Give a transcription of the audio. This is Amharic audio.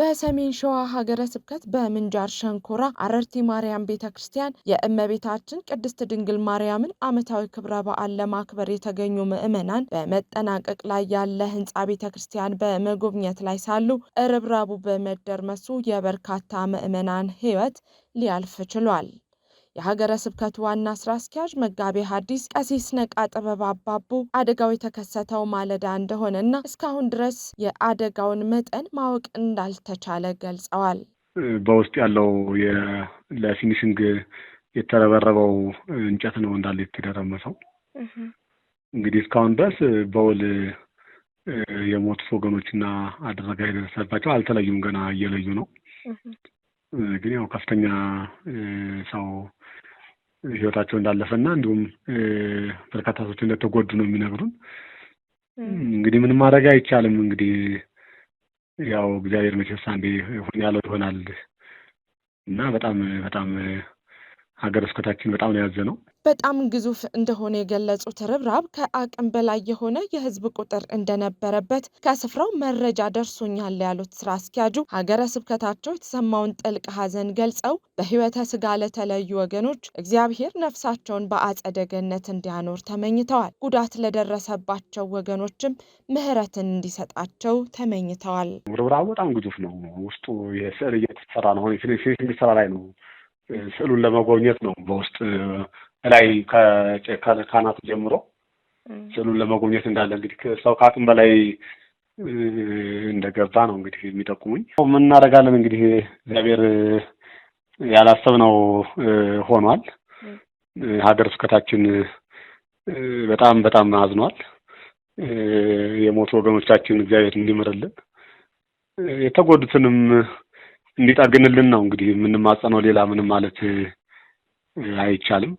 በሰሜን ሸዋ ሀገረ ስብከት በምንጃር ሸንኮራ አረርቲ ማርያም ቤተ ክርስቲያን የእመቤታችን ቅድስት ድንግል ማርያምን ዓመታዊ ክብረ በዓል ለማክበር የተገኙ ምዕመናን በመጠናቀቅ ላይ ያለ ህንፃ ቤተ ክርስቲያን በመጎብኘት ላይ ሳሉ ርብራቡ በመደርመሱ የበርካታ ምዕመናን ህይወት ሊያልፍ ችሏል። የሀገረ ስብከቱ ዋና ስራ አስኪያጅ መጋቤ ሐዲስ ቀሲስ ነቃ ጥበብ አባቡ አደጋው የተከሰተው ማለዳ እንደሆነና እስካሁን ድረስ የአደጋውን መጠን ማወቅ እንዳልተቻለ ገልጸዋል። በውስጥ ያለው ለፊኒሽንግ የተረበረበው እንጨት ነው እንዳለ የተደረመሰው። እንግዲህ እስካሁን ድረስ በውል የሞቱት ወገኖችና አደረጋ የደረሰባቸው አልተለዩም። ገና እየለዩ ነው። ግን ያው ከፍተኛ ሰው ህይወታቸው እንዳለፈና እንዲሁም በርካታ ሰዎች እንደተጎዱ ነው የሚነግሩን። እንግዲህ ምንም ማድረግ አይቻልም። እንግዲህ ያው እግዚአብሔር መቼስ አንዴ ሁን ያለው ይሆናል እና በጣም በጣም ሀገር እስከታችን በጣም ነው ያዘ ነው በጣም ግዙፍ እንደሆነ የገለጹት ርብራብ ከአቅም በላይ የሆነ የህዝብ ቁጥር እንደነበረበት ከስፍራው መረጃ ደርሶኛል ያሉት ስራ አስኪያጁ ሀገረ ስብከታቸው የተሰማውን ጥልቅ ሐዘን ገልጸው በህይወተ ስጋ ለተለዩ ወገኖች እግዚአብሔር ነፍሳቸውን በአጸደ ገነት እንዲያኖር ተመኝተዋል። ጉዳት ለደረሰባቸው ወገኖችም ምህረትን እንዲሰጣቸው ተመኝተዋል። ርብራብ በጣም ግዙፍ ነው። ውስጡ የስዕል እየተሰራ ነው። ስራ ላይ ነው። ስዕሉን ለመጎብኘት ነው በውስጥ ከላይ ከካህናቱ ጀምሮ ስዕሉን ለመጎብኘት እንዳለ እንግዲህ ሰው ከአቅም በላይ እንደገባ ነው እንግዲህ የሚጠቁሙኝ። ምን እናደርጋለን እንግዲህ እግዚአብሔር ያላሰብነው ሆኗል። ሀገር ስብከታችን በጣም በጣም አዝኗል። የሞቱ ወገኖቻችን እግዚአብሔር እንዲምርልን የተጎዱትንም እንዲጠግንልን ነው እንግዲህ የምንማጸነው። ሌላ ምንም ማለት አይቻልም።